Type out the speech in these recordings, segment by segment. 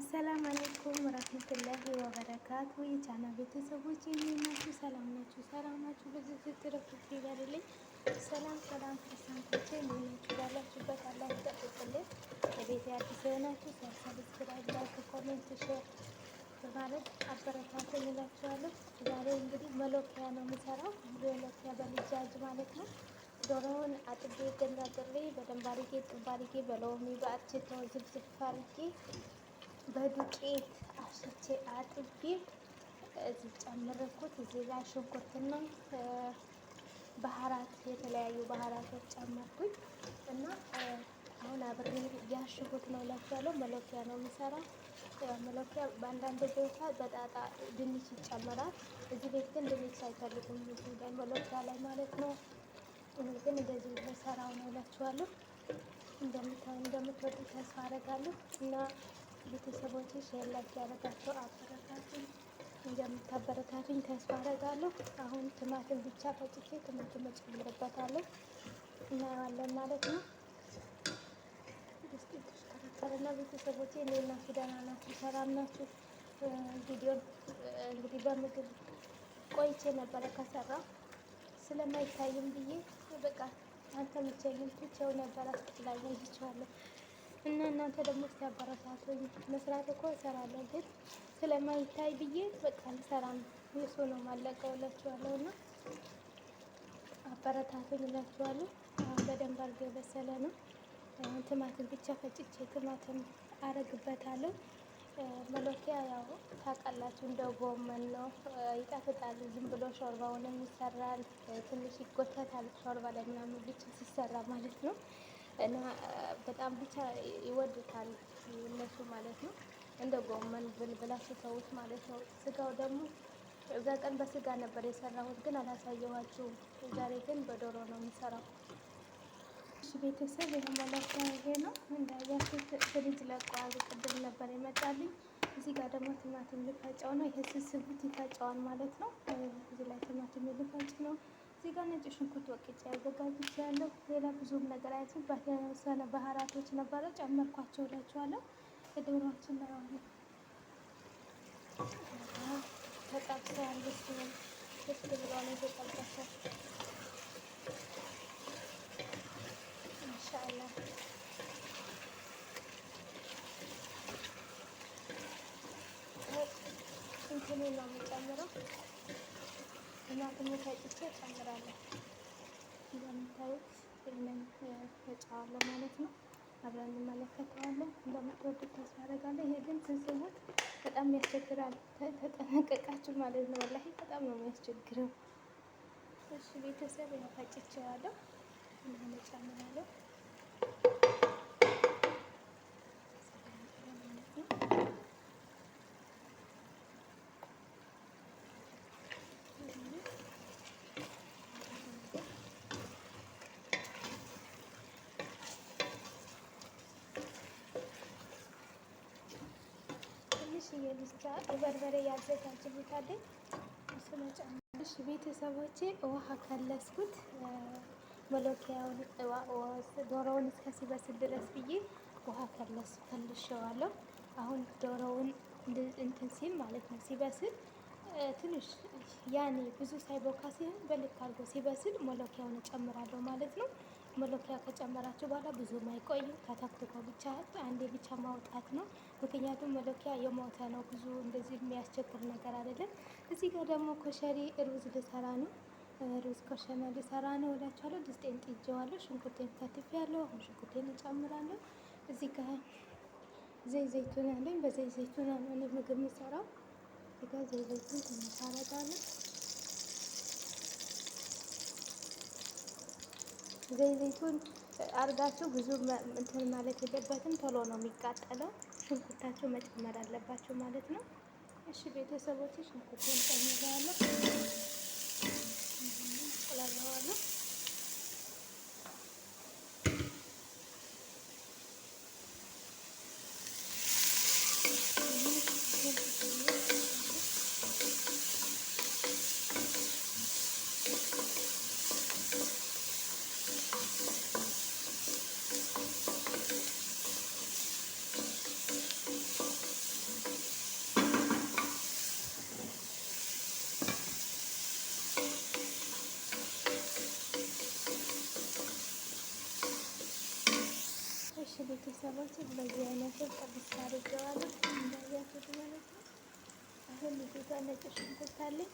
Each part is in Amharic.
አሰላም አለይኩም ወራህመቱላሂ ወበረካቱ የቻና ቤተሰቦች እንዴት ሰላም ናችሁ? ሰላም ናችሁ? በዚህ ትርፍት ይበልልኝ። ሰላም ሰላም ክርስቲያኖቼ እንዴት ናችሁ? ባላችሁበት አላህ ይጠብቅልን። ለቤት አዲስ የሆናችሁ ሰብስክራይብ፣ ላይክ፣ ኮሜንት፣ ሼር በማለት አበረታቱኝ እላችኋለሁ። ዛሬ እንግዲህ መሎኪያ ነው የምሰራው። መሎኪያ በልጃጅ ማለት ነው። ዶሮውን አጥቤ ገንዳ ጥሬ በደንብ አድርጌ ጥብ አድርጌ በሎሚ በአርችቶ ዝብዝብ አድርጌ በዱቄት አፍስቼ አጥቤ እዚህ ጨምርኩት። እዚህ ላይ ሽንኩርትና ባህራት የተለያዩ ባህራቶች ጨመርኩኝ እና አሁን አብሬ ያሽሁት ነው። ለፍያለው መለኪያ ነው የሚሰራ መለኪያ። በአንዳንድ ቦታ በጣጣ ድንች ይጨመራል። እዚህ ቤት ግን ድንች አይፈልጉም። እዚህ ላይ መለኪያ ላይ ማለት ነው። እኔ ግን እንደዚህ ለሰራው ነው እላችኋለሁ። እንደምትወዱ ተስፋ አደርጋለሁ እና ቤተሰቦችሽ ያላችሁ ያረጋችሁ አበረታቱኝ። እንደምታበረታቱኝ ተስፋ አደርጋለሁ። አሁን ቲማቲም ብቻ ፈጭቼ ቲማቲም እጨምርበታለሁ እናየዋለን ማለት ነው። ተሽከረከረና ቤተሰቦች እንዴት ናችሁ? ደህና ናችሁ? ሰላም ናችሁ? ቪዲዮን እንግዲህ በምግብ ቆይቼ ነበረ ከሰራ ስለማይታይም ብዬ በቃ አልተመቸኝም። ትቼው ነበር አስጥላኝ ይችዋለን እና እናንተ ደግሞ እስቲ አበረታቱኝ። መስራት እኮ እሰራለሁ ግን ስለማይታይ ብዬ በቃ አልሰራም። የሱ ነው ማለቀው እላችኋለሁ እና አበረታቱኝ እላችኋለሁ። አሁን በደንብ አድርጎ የበሰለ ነው። ቲማቲም ብቻ ፈጭቼ ቲማቲም አረግበታለሁ። መሎኪያ ያው ታውቃላችሁ፣ እንደ ጎመን ነው ይጣፍጣል። ዝም ብሎ ሾርባውንም ይሰራል። ትንሽ ይጎተታል ሾርባ ላይ ምናምን ብቻ ሲሰራ ማለት ነው። እና በጣም ብቻ ይወዱታል እነሱ ማለት ነው። እንደ ጎመን ብላችሁ ተውት ማለት ነው። ስጋው ደግሞ እዛ ቀን በስጋ ነበር የሰራሁት፣ ግን አላሳየኋችሁም። ዛሬ ግን በዶሮ ነው የሚሰራው። እሺ ቤተሰብ የመላሻ ይሄ ነው እንዳያችሁት፣ ፍሪጅ ለቀዋል። ቅድም ነበር ይመጣልኝ። እዚህ ጋር ደግሞ ቲማቲም ልፈጨው ነው። ይሄ ስስቡት ይፈጨዋል ማለት ነው። እዚህ ላይ ቲማቲም ልፈጭ ነው። እዚህ ጋር ነጭ ሽንኩርት ወቅጬ ያዘጋጅች ያለሁ ሌላ ብዙም ነገር አይነት በተወሰነ ባህራቶች ነበረ ጨመርኳቸው እላችኋለሁ። ከደብራችን ለሆነ ተጠብሰ ያለች ብሎ ነው የተጠበሰ ማሻአላ እንትኑ ነው የሚጨምረው ቲማቲም ፈጭቼ እጨምራለሁ። እንደምታዩት ይህንን ፈጫዋለሁ ማለት ነው። አብረን እንመለከተዋለን። እንደምትወዱት ተስፋ አደርጋለሁ። ይሄ ግን ስንስቡት በጣም ያስቸግራል። ተጠነቀቃችሁ ማለት ነው። ወላሂ በጣም ነው የሚያስቸግረው። እሺ ቤተሰብ ያው ፈጭቼዋለሁ እና እጨምራለሁ የልቻ በርበሬ ያዘጋጅሁታለኝ እሱን ጨምሽ ቤተሰቦቼ ውሃ ከለስኩት መሎኪያውን ዶሮውን እስከ ሲበስል ድረስ ብዬ ውሃ ከለስ ከልሸዋለሁ። አሁን ዶሮውን እንትን ሲል ማለት ነው ሲበስል ትንሽ ያኔ ብዙ ሳይቦካ ሲሆን በልክ አድርጎ ሲበስል መሎኪያውን እጨምራለሁ ማለት ነው። መለኪያ ከጨመራችሁ በኋላ ብዙም አይቆይም። ተተክትኮ ብቻ አንዴ ብቻ ማውጣት ነው። ምክንያቱም መለኪያ የሞተ ነው፣ ብዙ እንደዚህ የሚያስቸግር ነገር አይደለም። እዚህ ጋር ደግሞ ኮሸሪ ሩዝ ልሰራ ነው። ሩዝ ኮሸሪ ልሰራ ነው እላችኋለሁ። ድስጤን ጥጄዋለሁ፣ ሽንኩርቴን ከትፌያለሁ። አሁን ሽንኩርቴን እጨምራለሁ። እዚህ ጋር ዘይ ዘይቱን አለኝ። በዘይ ዘይቱን ነው እኔ ምግብ የምሰራው። እዚህ ጋር ዘይ ዘይቱን ትንሽ አደርጋለሁ ዘይዘይቱን አርጋችሁ ብዙ እንትን ማለት የለበትም። ቶሎ ነው የሚቃጠለው። ሽንኩርታችሁ መጨመር አለባችሁ ማለት ነው። እሺ ቤተሰቦች፣ ሽንኩርቱን ጨምረዋለሁ፣ እንቁላለዋለሁ በዚህ አይነት ጥብስ አድርጌዋለሁ። እንዳያችሁት ማለት ነው። አሁን እዚህ ነጭ ሽንኩርት አለኝ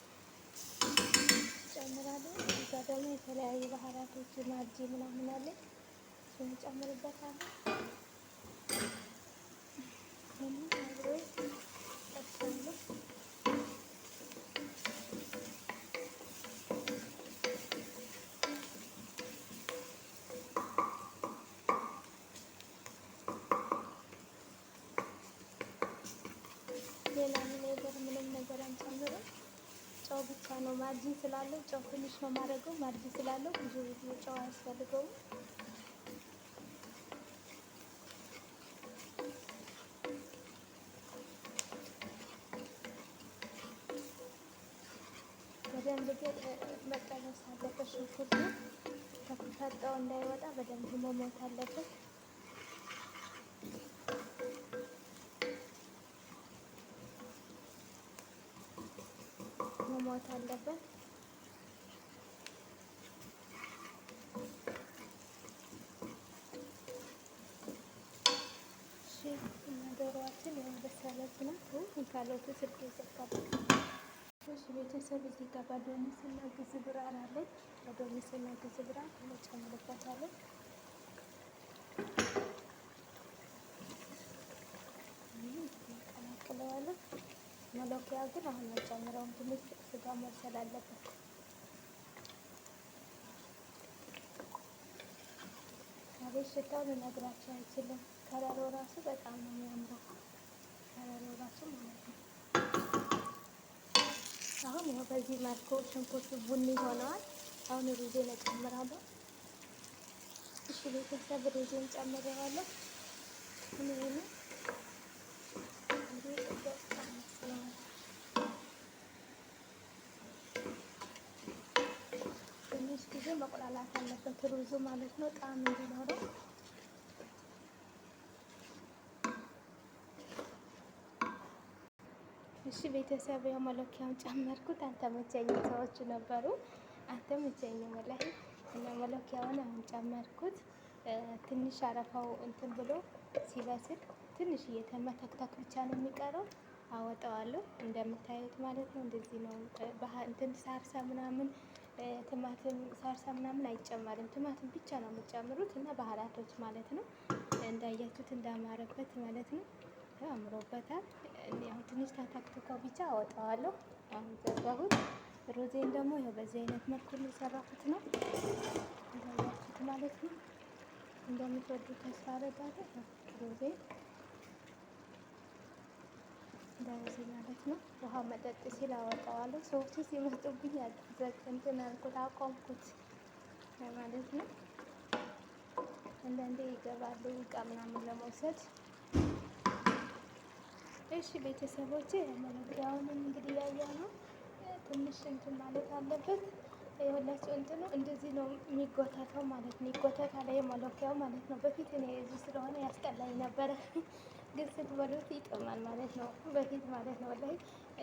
ጨምራለሁ። እዛ ደግሞ የተለያዩ ባህላቶች ማርጅ ምናምን አለኝ እሱን ጨምርበታለሁ። ጨው ብቻ ነው ማርጅን ስላለው ጨው ትንሽ ነው ማድረገው። ማርጅን ስላለው ብዙ ብዙ ጨው አያስፈልገውም። በደንብ መጠበስ አለበት። ሽንኩርቱ ከፈጣው እንዳይወጣ በደንብ መሞት አለበት። መታወት አለበት። ዶሮዋችን የበሰለችናት ካሎቱ ስልክ ይዘጋባል። እሺ ቤተሰብ እዚህ ጋር ባዶኒ ስና ግዝብራር አለች። ባዶኒ መሎኪያ ግን አሁን አልጨምረውም። ትንሽ ስጋ መብሰል አለበት። አቤት ሽታው ልነግራቸው አይችልም። ከረሮ ራሱ በጣም ነው የሚያምረው። ከረሮ ራሱ ማለት ነው። አሁን ያው በዚህ መልኩ ሽንኩርቱ ቡኒ ሆነዋል። አሁን ሩዜ እጨምራለሁ። እሺ ቤተሰብ ሩዜን ጨምረዋለሁ። ምን አድርጎ መቁላላት አለበት ሩዙ ማለት ነው፣ ጣም እንዲኖረው። እሺ ቤተሰብ ያው መለኪያውን ጨመርኩት። አልተመቸኝ ሰዎች ነበሩ፣ አልተመቸኝም ወላሂ እና መለኪያውን አሁን ጨመርኩት። ትንሽ አረፋው እንትን ብሎ ሲበስል ትንሽ እየተመተክተክ ብቻ ነው የሚቀረው። አወጣዋለሁ እንደምታዩት ማለት ነው። እንደዚህ ነው እንትን ሳርሳ ምናምን ቲማቲም ሳርሳ ምናምን አይጨመርም። ቲማቲም ብቻ ነው የምጨምሩት እና ባህላቶች ማለት ነው። እንዳያችሁት እንዳማረበት ማለት ነው። አምሮበታል። ያው ትንሽ ተተክትኮ ብቻ አወጣዋለሁ። አሁን ዘጋሁት። ሮዜን ደግሞ ያው በዚህ አይነት መልኩ የሰራሁት ነው እንዳያችሁት ማለት ነው። እንደምትወዱ ተስፋ አደርጋለሁ ሮዜን እንደዚህ ማለት ነው። ውሃ መጠጥ ሲል አወጣዋለሁ። ሰዎች ሲመጡብኝ እንትን አልኩት አቆምኩት ማለት ነው። አንዳንዴ ይገባሉ እቃ ምናምን ለመውሰድ። እሺ ቤተሰቦቼ፣ ያው እንግዲህ ያያ ነው ትንሽ እንትን ማለት አለበት። የሁላችሁ እንትኑ እንደዚህ ነው የሚጎተተው ማለት ነው። ይጎተታል የመለኪያው ማለት ነው። በፊት እኔ እዚህ ስለሆነ ያስጠላኝ ነበረ፣ ግን ስትበሉት ይጥማል ማለት ነው። በፊት ማለት ነው ላይ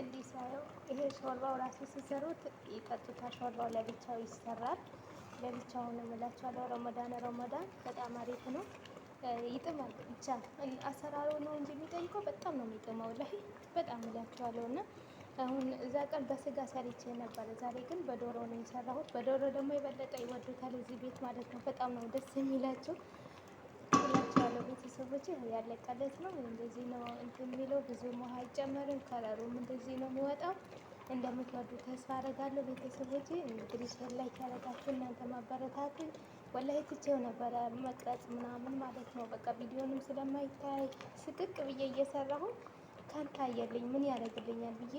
እንዲህ ሳየው ይሄ ሾርባው ራሱ ሲሰሩት ይጠጡታል። ሾርባው ለብቻው ይሰራል። ለብቻው ነው የምላችኋለሁ። ረመዳን ረመዳን በጣም አሪፍ ነው። ይጥማል ብቻ አሰራሩ ነው እንጂ የሚጠይቀው በጣም ነው የሚጥመው ላይ በጣም እላችኋለሁ እና አሁን እዛ ቀን በስጋ ሰርቼ ነበረ። ዛሬ ግን በዶሮ ነው የሰራሁት። በዶሮ ደግሞ የበለጠ ይወዱታል እዚህ ቤት ማለት ነው። በጣም ነው ደስ የሚላቸው ያለው ቤተሰቦች። ያለቀለት ነው እንደዚህ ነው እንትን የሚለው ብዙ ውሃ አይጨመርም። ከለሩም እንደዚህ ነው የሚወጣው። እንደምትወዱ ተስፋ አደርጋለሁ ቤተሰቦች። እንግዲህ ሼር ላይ ያደረጋችሁ እናንተ ማበረታቱኝ። ወላሂ ትቼው ነበረ መቅረጽ ምናምን ማለት ነው። በቃ ቪዲዮንም ስለማይታይ ስቅቅ ብዬ እየሰራሁ ካልታየልኝ ምን ያደርግልኛል ብዬ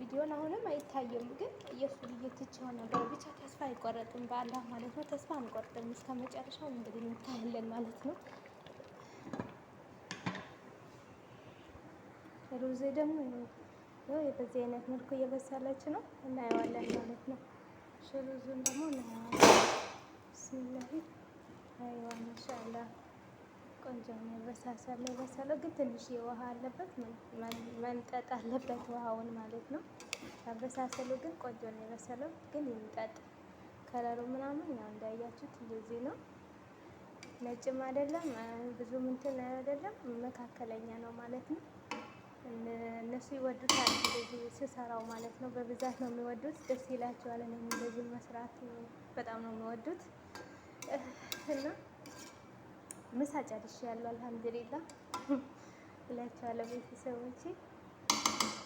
ቪዲዮን አሁንም አይታየም፣ ግን የእሱ ልዩ ትቼው ነበር። ብቻ ተስፋ አይቆረጥም በአላህ ማለት ነው። ተስፋ አንቆርጥም እስከ መጨረሻው እንግዲህ እንታያለን ማለት ነው። ሩዜ ደግሞ ይኸው በዚህ አይነት መልኩ እየበሰለች ነው፣ እናየዋለን ማለት ነው። ሽሩዙን ደግሞ እናየዋለን። ብስሚላሂ አይዋ ማሻአላህ ቆንጆ ነው። በሳሳ ላይ ግን ትንሽ የውሃ አለበት መንጠጥ አለበት ውሃውን ማለት ነው። አበሳሰሉ ግን ቆንጆ ነው የበሰለው ግን ይምጠጥ። ከለሩ ምናምን ያው እንዳያችሁት እንደዚህ ነው። ነጭም አይደለም ብዙም እንትን አይደለም መካከለኛ ነው ማለት ነው። እነሱ ይወዱታል እንደዚህ ስሰራው ማለት ነው። በብዛት ነው የሚወዱት፣ ደስ ይላቸዋል። እኔም እንደዚህ መስራት በጣም ነው የሚወዱት እና ምሳ ጨርሻለሁ። አልሐምዱሊላህ እላችኋለሁ ቤተሰቦቼ።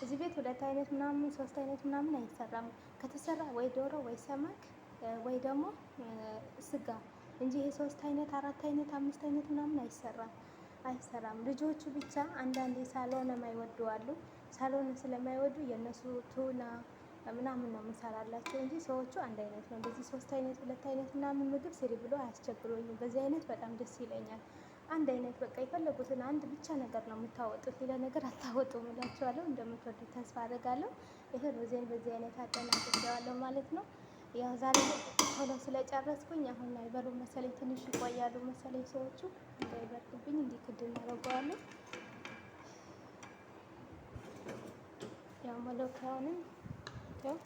እዚህ ቤት ሁለት አይነት ምናምን ሶስት አይነት ምናምን አይሰራም። ከተሰራ ወይ ዶሮ ወይ ሰማክ ወይ ደግሞ ስጋ እንጂ ይሄ ሶስት አይነት አራት አይነት አምስት አይነት ምናምን አይሰራም አይሰራም። ልጆቹ ብቻ አንዳንዴ ሳሎን የማይወዱ አሉ። ሳሎን ስለማይወዱ የእነሱ ቱና ምናምን ነው የምሰራላቸው እንጂ ሰዎቹ አንድ አይነት ነው። እንደዚህ ሶስት አይነት ሁለት አይነት ምናምን ምግብ ስሪ ብሎ አያስቸግሩኝም። በዚህ አይነት በጣም ደስ ይለኛል። አንድ አይነት በቃ የፈለጉትን አንድ ብቻ ነገር ነው የምታወጡት፣ ሌላ ነገር አታወጡም እላቸዋለሁ። እንደምትወዱት ተስፋ አድርጋለሁ። ይሄን ሩዜን በዚህ አይነት አጠናቅቄዋለሁ ማለት ነው። ያው ዛሬ ቶሎ ስለጨረስኩኝ አሁን አይበሉ መሰለኝ፣ ትንሽ ይቆያሉ መሰለኝ ሰዎቹ እንዳይበርዱብኝ እንዲህ ክድ እናደርገዋለን ያው መለኪያውንም ያው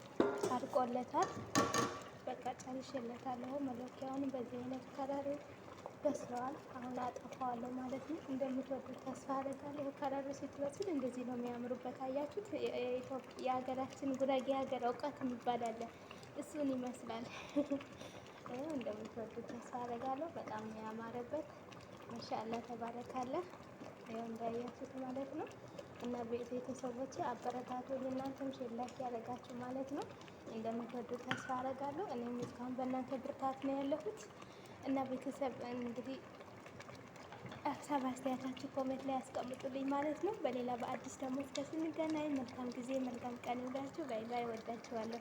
አድቆለታል። በቃ ጨርሼለታለሁ። መለኪያውን በዚህ አይነት ከለር በስለዋል። አሁን አጠፋዋለሁ ማለት ነው። እንደምትወዱት ተስፋ አደርጋለሁ። ከለር ስትበስል እንደዚህ ነው የሚያምሩበት። አያችሁት? የሀገራችን ጉራጌ ሀገር እውቀት የሚባል እሱን ይመስላል። እንደምትወዱት ተስፋ አደርጋለሁ። በጣም ነው ያማረበት። ማሻአላ ተባረካለ። ያው እንዳያችሁት ማለት ነው። እና ቤተሰቦች አበረታቱ፣ እናንተም ሼር ያደረጋችሁ ማለት ነው። እንደምትወዱ ተስፋ አደርጋለሁ። እኔም እስካሁን በእናንተ ብርታት ነው ያለሁት። እና ቤተሰብ እንግዲህ ሀሳብ አስተያየታችሁ ኮሜንት ላይ ያስቀምጡልኝ ማለት ነው። በሌላ በአዲስ ደግሞ እስከ ስንገናኝ መልካም ጊዜ፣ መልካም ቀን ይውላችሁ። ባይ ባይ። ወዳችኋለሁ።